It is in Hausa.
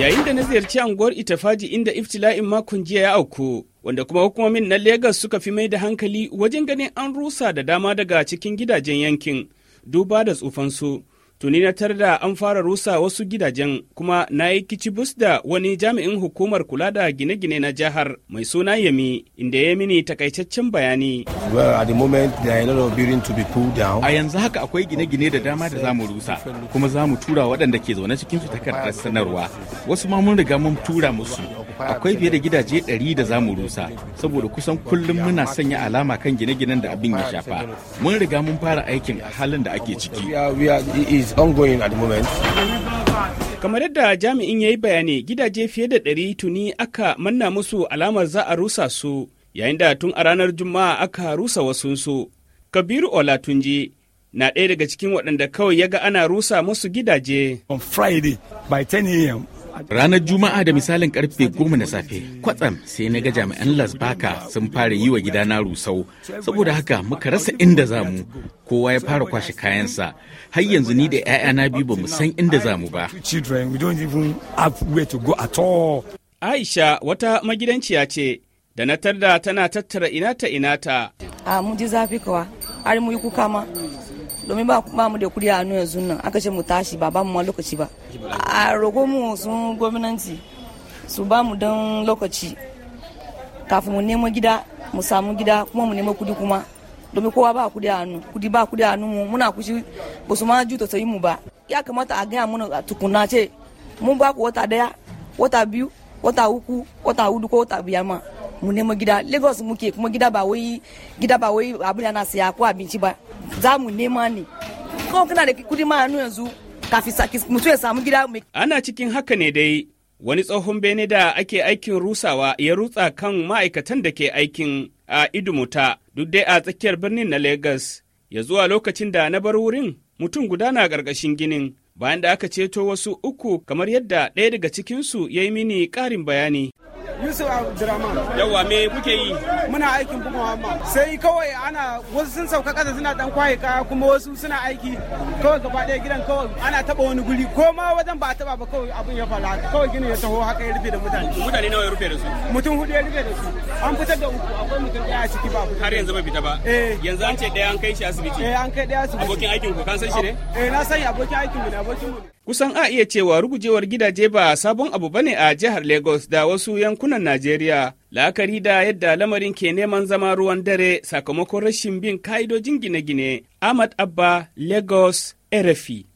Yayin da na ziyarci anguwar Itafaji inda iftila'in makon jiya ya auku, wanda kuma hukumomin na Legas suka fi mai da hankali wajen ganin an rusa da dama daga cikin gidajen yankin, duba da tsufansu. tuni na tarda an fara rusa wasu gidajen kuma na yi kicibus da wani jami'in hukumar kula da gine-gine na jihar mai suna yami inda ya mini takaitaccen bayani a yanzu haka akwai gine-gine da dama da zamu rusa kuma zamu tura waɗanda ke zaune cikin su takardar sanarwa wasu ma mun riga mun tura musu akwai fiye da gidaje ɗari da zamu rusa saboda kusan kullum muna sanya alama kan gine-ginen da abin ya shafa mun riga mun fara aikin a halin da ake ciki is ongoing at the moment. Kamar yadda jami'in ya yi bayani gidaje fiye da ɗari tuni aka manna musu alamar za a rusa su yayin da tun a ranar Juma'a aka rusa wasunsu. Kabiru Olatunji na ɗaya daga cikin waɗanda kawai ya ga ana rusa musu gidaje. On Friday by 10 a.m. Ranar Juma'a da misalin karfe goma na safe, kwatsam sai na ga jami'an Lasbaka sun fara yi wa gidana rusau, saboda haka muka rasa inda zamu kowa ya fara kwashe kayansa. Har yanzu ni da 'ya'yana biyu ba mu san inda zamu ba. Aisha wata magidanciya ce, da na tarda tana tattara inata inata. A ah, mu ji zafi kawa, har mu yi kuka ma. domin ba mu da kuri a hannu yanzu nan aka ce mu tashi ba ba mu ma lokaci ba a rogo mu sun gwamnati su ba mu don lokaci kafin mu nemo gida mu samu gida kuma mu nemo kudi kuma domin kowa ba kudi a hannu kudi ba kudi a hannu mu muna kushi ba su ma ju sayi mu ba ya kamata a gaya mana tukuna ce mun ba ku wata daya wata biyu wata uku wata hudu ko wata biyar ma mu nemo gida lagos muke kuma gida ba wai gida ba wai abin da na siya ko abinci ba za mu nema ne kawai kana da kudi ma hannu yanzu kafin mutum ya samu gida ana cikin haka ne dai wani tsohon bene da ake aikin rusawa ya rutsa kan ma'aikatan da ke aikin a idumuta duk dai a tsakiyar birnin na lagos ya zuwa lokacin da na bar wurin mutum guda na ƙarƙashin ginin bayan da aka ceto wasu uku kamar yadda ɗaya daga cikinsu ya yi mini ƙarin bayani Yusuf Abdurrahman. Yawwa me kuke yi? Muna aikin bugun hamma. Sai kawai ana wasu sun sauka kasa suna dan kwaye kaya kuma wasu suna aiki kawai gaba ɗaya gidan kawai ana taba wani guri ko ma wajen ba a taba ba kawai abin ya fara kawai gini ya taho haka ya rufe da mutane. Mutane nawa ya rufe da su? Mutum hudu ya rufe da su. An fitar da uku akwai mutum ɗaya a ciki ba. Har yanzu ba fita ba. Eh. Yanzu an ce ɗaya an kai shi asibiti. Eh an kai ɗaya asibiti. Abokin aikin ku kan san shi ne? Eh na sani abokin aikin mu ne abokin mu ne. Kusan a iya cewa rugujewar gidaje ba sabon abu bane a jihar Lagos da wasu yankunan Najeriya. La'akari da yadda lamarin ke neman zama ruwan dare sakamakon rashin bin ka'idojin gine-gine. Ahmad Abba, Lagos, Erefi.